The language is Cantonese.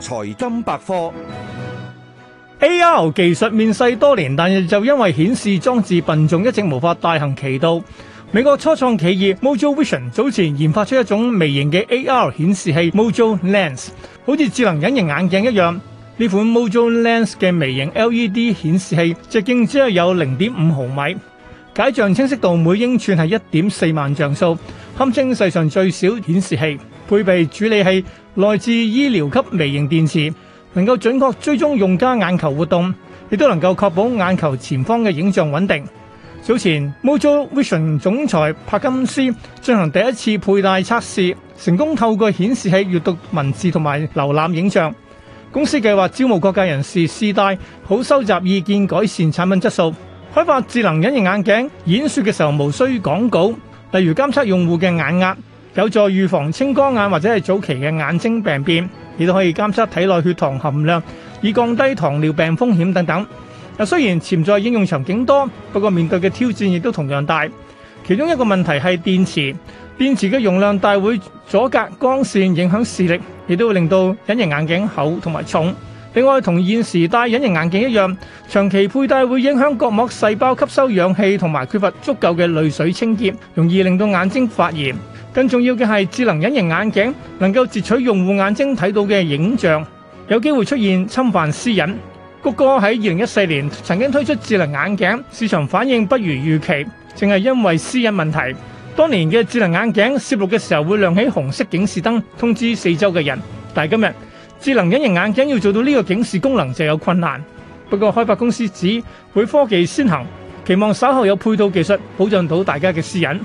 財金百科，AR 技術面世多年，但係就因為顯示裝置笨重，一直無法大行其道。美國初創企業 Mojo Vision 早前研發出一種微型嘅 AR 顯示器 Mojo Lens，好似智能隱形眼鏡一樣。呢款 Mojo Lens 嘅微型 LED 顯示器直徑只係有零點五毫米。解像清晰度每英寸係一點四萬像素，堪稱世上最小顯示器。配備處理器，內置醫療級微型電池，能夠準確追蹤用家眼球活動，亦都能夠確保眼球前方嘅影像穩定。早前，Mojo Vision 總裁帕金斯進行第一次佩戴測試，成功透過顯示器閱讀文字同埋瀏覽影像。公司計劃招募各界人士試戴，好收集意見改善產品質素。開發智能隱形眼鏡，演說嘅時候無需講稿；例如監測用戶嘅眼壓，有助預防青光眼或者係早期嘅眼睛病變；亦都可以監測體內血糖含量，以降低糖尿病風險等等。雖然潛在應用場景多，不過面對嘅挑戰亦都同樣大。其中一個問題係電池，電池嘅容量大會阻隔光線，影響視力，亦都會令到隱形眼鏡厚同埋重。另外，同現時戴隱形眼鏡一樣，長期佩戴會影響角膜細胞吸收氧氣同埋缺乏足夠嘅淚水清潔，容易令到眼睛發炎。更重要嘅係智能隱形眼鏡能夠截取用戶眼睛睇到嘅影像，有機會出現侵犯私隱。谷歌喺二零一四年曾經推出智能眼鏡，市場反應不如預期，正係因為私隱問題。當年嘅智能眼鏡攝錄嘅時候會亮起紅色警示燈，通知四周嘅人。但係今日，智能隱形眼鏡要做到呢個警示功能就有困難，不過開發公司指會科技先行，期望稍後有配套技術保障到大家嘅私隱。